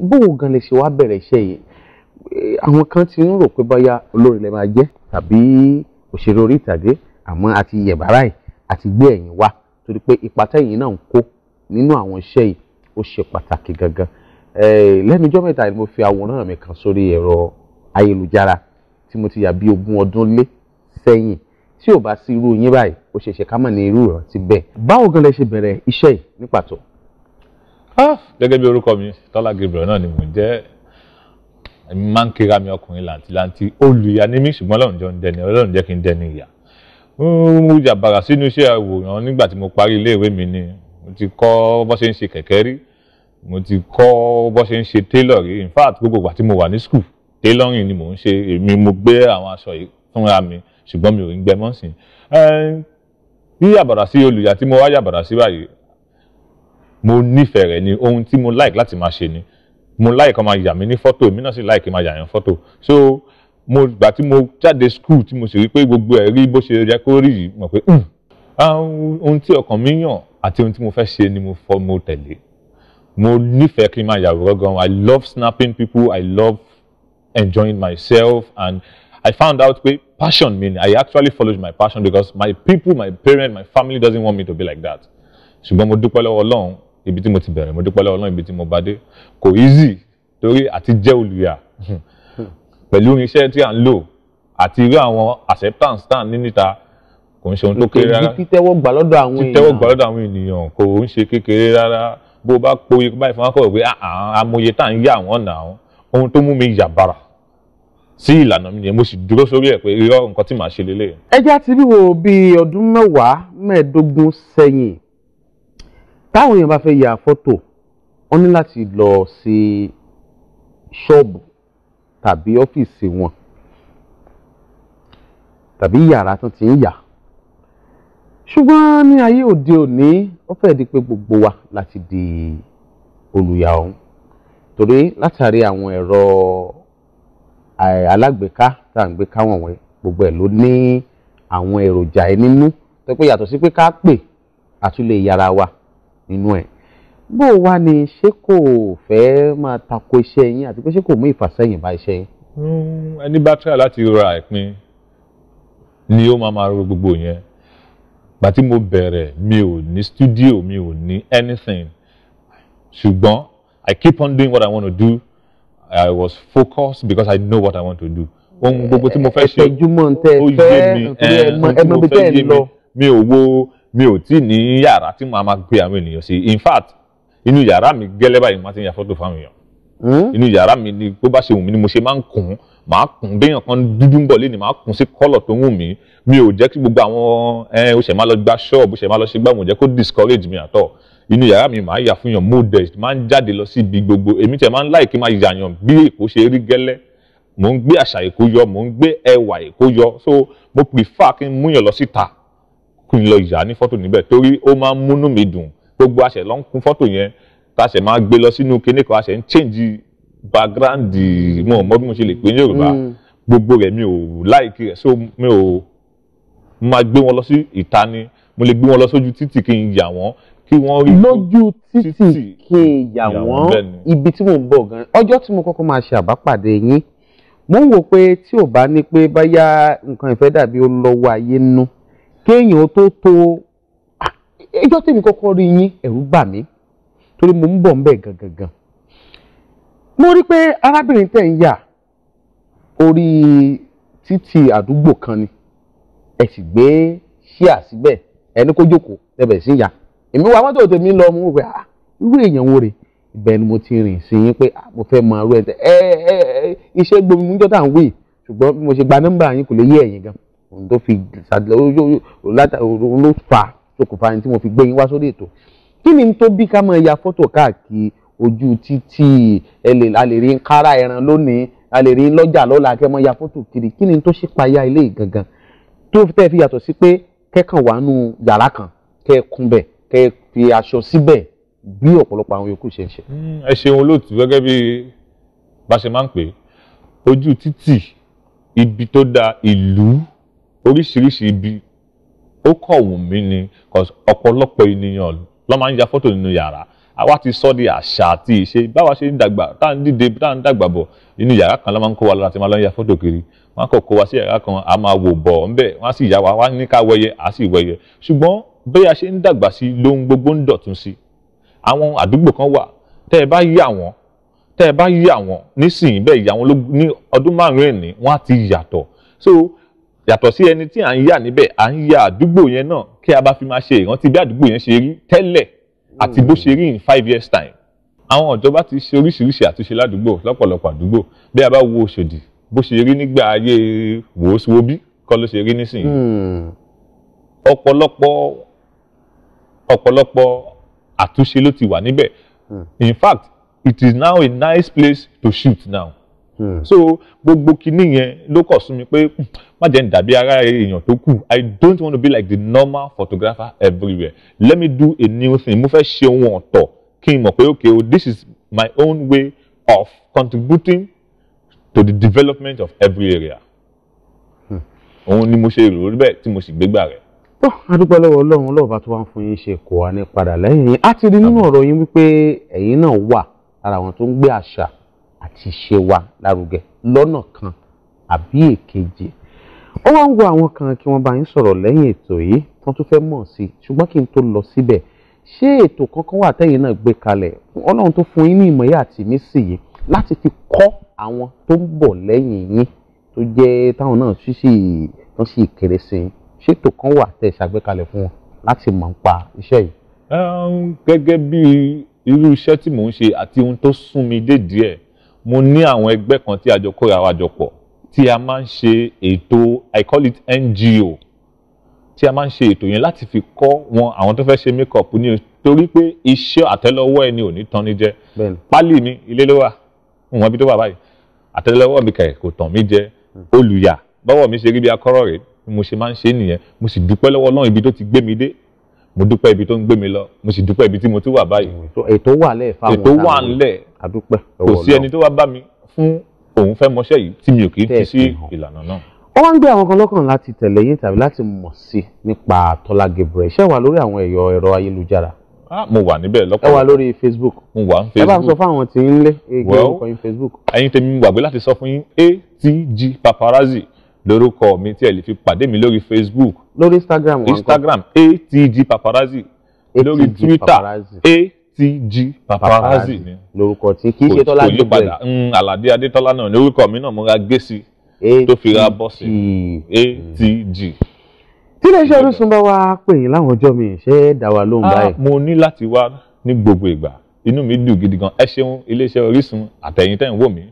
bóun gan lè ṣe wá bẹ̀rẹ̀ iṣẹ́ yìí àwọn kan ti ń rò pé bóyá olórin lè máa jẹ́ tàbí òṣèré orí ìtàgé àmọ́ àti yẹ̀bára yìí àti gbé ẹ̀yìn wá torí pé ipa tẹ̀yìn náà ń kó nínú àwọn iṣẹ́ yìí ó ṣe pàtàkì gangan lẹ́nu ọjọ́ mẹ́ta ni mo fi àwòrán mi kan sórí ẹ̀rọ ayélujára tí mo ti yà bí ogún ọdún lé sẹ́yìn tí ò bá sí irú yín báyìí ó ṣeéṣe ká mọ̀ ní irú ìrántí bẹ́ẹ̀. báwo gan lẹ ṣe bẹ̀rẹ̀ iṣẹ́ yìí ní pàtó? Ah, gẹ́gẹ́ bí orúkọ mi Tọ́lá Gabriel náà ni mò ń jẹ́ èmi máa ń kíra mi ọkùnrin làǹtìlanti olùyà ni mí ṣùgbọ́n Ọlọ́run jọ ń dẹni Ọlọ́run jẹ́ kí n dẹni ìyà mo jàbàrà sínú iṣẹ́ àwòrán nígbà tí mo parí iléèwé mi ni mo ti kọ́ bó ṣe ń ṣe kẹ̀kẹ́ rí mo ti kọ́ bó ṣe ń ṣe tailor rí in fact gbogbo ìgbà tí mo wà ní school tailoring ni mò ń ṣe èmi mo gbé àwọn aṣọ fúnra mi ṣùgbọ́n mi ò ń gbẹmọ́ sí i bí yàbàrà sí olùyà tí mo wá yàbàrà sí báyìí mo nífẹ̀ẹ́ rẹ̀ ni ohun tí mo like láti máa ṣe ni mo like kó máa yà ní fọ́tò èmi náà sì like kí máa yà fọ́tò so mo gbà tí mo jáde school tí mo sì rí pé gbogbo ẹ̀ rí bó ṣe yẹ kó rí yìí mọ̀ pé hmm, ohun tí ọkàn mi yàn àti ohun tí mo fẹ́ ṣe ni mo fọ́ mo tẹ̀lé mo nífẹ̀ẹ́ kí n máa yàwòrán gan I love snapping people I love enjoying myself and I found out pé passion mean I actually follow my passion because my people my parents my family doesn't want me to be like that ṣùgbọ́n mo dúpẹ́ lọ́wọ́ Ọlọ́run ibi tí mo ti bẹ̀rẹ̀ mo dúpẹ́ lọ́wọ́ Ọlọ́run ibi tí mo bá dé kò easy torí àti jẹ́ olùyà pẹ̀lú irinṣẹ́ tí à ń lò àti irú àwọn acceptance tá à ń ní níta kò ń ṣe ohun tó kéré rárá títẹ́wọ́ gbà lọ́dọ̀ àwọn èèyàn títẹ́wọ́ gbà lọ́dọ̀ àwọn ènìyàn kò ń ṣe kékeré rárá bó bá poye báyìí fún akọ̀wé pé ah, ah, amòye tá à ń yà wọ́n nà án ohun tó mú mi yà bàrà sí ìlànà mi nìyẹn mo sì dúró sórí ẹ̀ pé irọ́ nǹkan tí màá ṣe lélẹ̀. ẹ ti bí wo bíi ọdún mẹ́wàá mẹ́ẹ̀ẹ́dógún sẹ́yìn táwọn èèyàn bá fẹ́ ya fọ́tò wọ́n ní láti lọ sí ṣọ́ọ̀bù tàbí ọ́fíìsì wọn tàbí yàrá tó ti ń yà ṣùgbọ́n ní ayé òde òní ó fẹ́ di pé gbogbo wa láti di olùyà ọ̀hún torí látàrí àwọn ẹ̀rọ eh, alágbèéká tá à ń gbé káwọn wọ̀nyí gbogbo ẹ̀ ló ní àwọn èròjà ẹ̀ nínú tó pé yàtọ̀ sí pé ká pè àtúlẹ̀ yàrá wa nínú ẹ̀ bó o wá ni ṣé kò fẹ́ máa tako iṣẹ́ yín àti pé ṣé kò mú ìfàsẹ́yìn bá iṣẹ́ yín. Hmm, ẹni bá tíra láti ra ìpín ni ó máa máa ro gbogbo yẹn gbàtí mo bẹ̀rẹ̀ mi ò ní studio mi ò ní anything ṣùgbọ́n I keep on doing what I want to do I was focused because I know what I want to do ohun gbogbo tí mo fẹ́ ṣe ó yé mi ẹ ẹ mọ ibi tẹ́ ẹ lọ mi ò wo mi ò tí ní yàrá tí màá máa gbé àwọn ènìyàn sí in fact inú yàrá mi gẹ́lẹ́ báyìí màá ti ya fọ́tò fáwọn èèyàn hmm? inú yàrá mi ni bó bá ṣe wù mí ni mo ṣe máa ń kùn màá kùn béèyàn kan dúdú ń bọ̀ lé ni màá kùn sí kọ́lọ̀ tó wù mí mi ò jẹ́ kí gbogbo àwọn ẹ ó ṣẹ̀ máa lọ gba ṣọ́ọ̀bù ṣẹ̀ máa lọ ṣe gbà mo jẹ́ kó discourage mi àtọ̀ inú yàrá mi màá yà fún yàn modest máa ń jáde lọ sí ibi gbogbo èmi tẹ̀ máa ń láì kí máa yàyàn bí èkó ṣe rí gẹ́lẹ́ mò ń gbé àṣà èkó yọ mò ń gbé ẹwà èkó yọ so mo prefer kí n múyàn lọ síta kí n lọ yà ní fọ́tò níbẹ̀ torí ó máa ń múnú mi dùn gbogbo àṣẹ ló ń kún fọ́tò yẹn tá a ṣẹ̀ máa gbé lọ sínú kinní kan àṣẹ ń change background mo mọ bí mo ṣe lè pè ní Yorùbá mm. gbogbo rẹ̀ mi ò láìkí rẹ̀ so mi ò máa gbé wọn lọ sí ìta ni mo lè gbé wọn lọ sójú títì kí n yà wọ́n kí wọ́n rí lójú títì kí n yà wọ́n ibi tí mo ń bọ̀ gan ọjọ́ tí mo kọ́kọ́ máa ṣe àbápàdé yín mo ń wò pé tí ò bá ní pé báyà nǹkan ìfẹ́ dàbí ó lọ́wọ́ ayé nú. kéèyàn tó tó ẹjọ́ tèmi kọ́kọ́ rí yín ẹ̀rù bà mí torí mo ń bọ̀ ń bẹ̀ gangan mo rí pé arábìnrin tẹ̀ ń yà orí títì àdúgbò kan ni ẹ sì gbé ṣíà síbẹ̀ ẹni kó jókòó tẹ̀bẹ̀ sí ya èmi wa mọ́tò tèmi lọ mú á irú èèyàn wo rè ibẹ̀ ni mo ti rìn sí yín pé mo fẹ́ mọ arú ẹ̀ ẹ̀ ẹ̀ iṣẹ́ gbomi mú jọ́tà ń wí ṣùgbọ́n mo ṣe gba nọ́mbà yín kò lè yé ẹ̀yin gan-an. tó fi ṣàdìlẹ́ ló fà ṣokùnfà ní tí mo fi gbé yín wá sórí ètò kí ni tó bí ká máa ya fọ́tò káàkiri ojú títì a lè rí kára ẹran lónìí a lè rí lọ́jà lọ́la kẹ́ máa ya fọ́tò kiri kí ni tó ṣe payá ilé gangan tó tẹ́ fi yàtọ̀ sí pé kẹ́kàn wà nù yàrá kan kẹ́ ẹ bẹ̀ kẹ́ fi aṣọ síbẹ̀ bí ọ̀pọ̀lọpọ̀ àwọn yòókù ṣe ń ṣe. Hmm, ẹ ṣeun olóòtú gẹ́gẹ́ bí bá ṣe máa ń pè ojú títì ibi tó da ìlú oríṣiríṣi ibi ó kọ̀ wù mí ni ọ̀pọ̀lọpọ̀ ènìyàn ló máa ń ya fọ́tò nínú yàrá àwa ti sọ di àṣà àti ìṣe báwa ṣe ń dàgbà tá à ń dìde tá à ń dàgbà bọ̀ nínú yàrá kan ló máa ń kó wa lọ́la tí máa lọ ń ya fọ́tò kiri wọ́n á kọ̀ kó wa sí yàrá kan a máa wò bọ̀ ńbẹ̀ wọ́n á sì yá wa wá ní ká wẹyẹ à á sì wẹyẹ ṣùgbọ́n bí a ṣe ń dàgbà sí lóhun gbogbo ń dọ̀tun sí àwọn àdúgbò kan wà tẹ́ ẹ bá yí àwọn tẹ́ ẹ bá yí àwọn nísìnyí bẹ́ẹ̀ yí àwọn ní ọdún márùn-ún ẹ̀ní wọ́n á ti yàtọ̀ so yàtọ̀ sí ẹni tí à ń yà níbẹ̀ à ń ya àdúgbò yẹn náà kí a bá fi máa ṣe ìrántí bí àdúgbò yẹn ṣe rí tẹ́lẹ̀ àti bó ṣe rí in five years time àwọn ìjọba ti ṣe oríṣiríṣi àtúnṣe ládùúgbò lọ́pọ̀lọpọ̀ àdúgbò bí a bá wo Òṣòdì bó ṣe rí nígbà ayé wòósùwòbí kọ́ ló ṣe rí nísìnyí hmm. ọ̀pọ̀lọpọ̀ ọ̀pọ̀lọpọ̀ àtúnṣe ló ti wà níbẹ̀ hmm. in fact it is now a nice place to shoot now Hmm. so gbogbo kinní yẹn ló kọ̀ sún mi pé hmm, má jẹ́ n dàbí ara èèyàn tó kù i don't want to be like the normal photographer everywhere let me do a new thing mo fẹ́ ṣe ohun ọ̀tọ̀ kí n mọ̀ pé okay oh, this is my own way of contributing to the development of every area hmm. òun ni mo ṣe rò bẹ́ẹ̀ tí mo sì gbégbà rẹ̀. tó adúpẹ́ lọ́wọ́ ọlọ́run ọlọ́ọ̀bá tó wá ń fún yín ṣe kò wá ní padà lẹ́yìn yín á ti rí nínú ọ̀rọ̀ yín wípé ẹ̀yin náà wà lára àwọn tó ń gbé àṣà àti ṣe wa lárugẹ lọ́nà kan àbí èkejì ó wá ń wo àwọn kan kí wọ́n bá yín sọ̀rọ̀ lẹ́yìn ètò yìí tán tó fẹ́ mọ̀ sí ṣùgbọ́n kí n tó lọ síbẹ̀ ṣé ètò kankan wà tẹ́yìn náà gbé kalẹ̀ ọlọ́run tó fún yín ní ìmọ̀ye àti ìmísí yìí láti fi kọ́ àwọn tó ń bọ̀ lẹ́yìn yín tó jẹ́ táwọn náà ṣíṣì tán sì kéré sí i ṣé ètò kan wà tẹ́ ṣàgbékalẹ̀ fún wọn láti mọ̀ pa iṣẹ́ yìí. gẹ́gẹ́ bí irú iṣẹ́ tí mò ń ṣe àti ohun tó sún mi dé díẹ̀ mo ní àwọn ẹgbẹ́ kan tí a jọ kóra wa jọ pọ̀ tí a máa ń ṣe ètò i call it ngo tí a máa ń ṣe ètò yẹn láti fi kọ́ wọn àwọn tó fẹ́ ṣe makeup ní o torí pé iṣẹ́ àtẹ́lẹwọ́ ẹni ò ní tán ní jẹ pálí mi ilé ló wà wọn ibi tó wà báyìí àtẹ́lẹwọ́ mi kẹ̀ kò tàn mí jẹ olùyà bọ́wọ́ mi ṣe rí bí akọ́rọ̀ rẹ̀ mo ṣe máa ń ṣe nìyẹn mo sì dúpẹ́ lọ́wọ́ Ọlọ́run ibi tó ti gbé mi dé mo dúpẹ́ ibi tó ń gbé mi lọ mo sì dúpẹ́ ibi tí mo ti wà báyìí. ètò wà lẹ̀ fáwọn ètò wà lẹ̀ adúpẹ́ kò sí ẹni tó wá bá mi fún òun fẹ́ mọṣẹ́ yìí tí mi ò kì í fi sí ìlànà náà. ó wá ń gbé àwọn kan lọ́kàn láti tẹ̀lé yín tàbí láti mọ̀ sí nípa Tọ́lá Gabriel ṣé wà lórí àwọn ẹ̀yọ ẹ̀rọ ayélujára. mo wà níbẹ̀ lọ́pọ̀ ẹ wà lórí Facebook. mo wà ní Facebook ẹ bá ń sọ fún àwọn tí ń lé ege orúkọ yín Facebook. ẹ̀yin tèmi wàgbé láti sọ fún yín atg paparazzi lórúkọ mi tí ẹ lè fi pàdé mi lórí Facebook. lórí Instagram Instagram atg paparazzi lórí Twitter tg paparazzi ni lórúkọ tí kì í ṣe tọ́lá gbogbo ẹ̀ kò yípadà aládé mm, adétọ́lá náà ní orúkọ mi náà mo ra gẹ̀ẹ́sì tó fi ra bọ́ọ̀sì atg. tí iléeṣẹ́ Orísun bá wá pè yín láwọn ọjọ́ mi ṣé dá wa lóhùn ah, báyìí. mo ní láti wá ní gbogbo ìgbà inú mi dùn gidi gan ẹ ṣeun iléeṣẹ́ Orísun àtẹ̀yìntẹ̀ wò mí.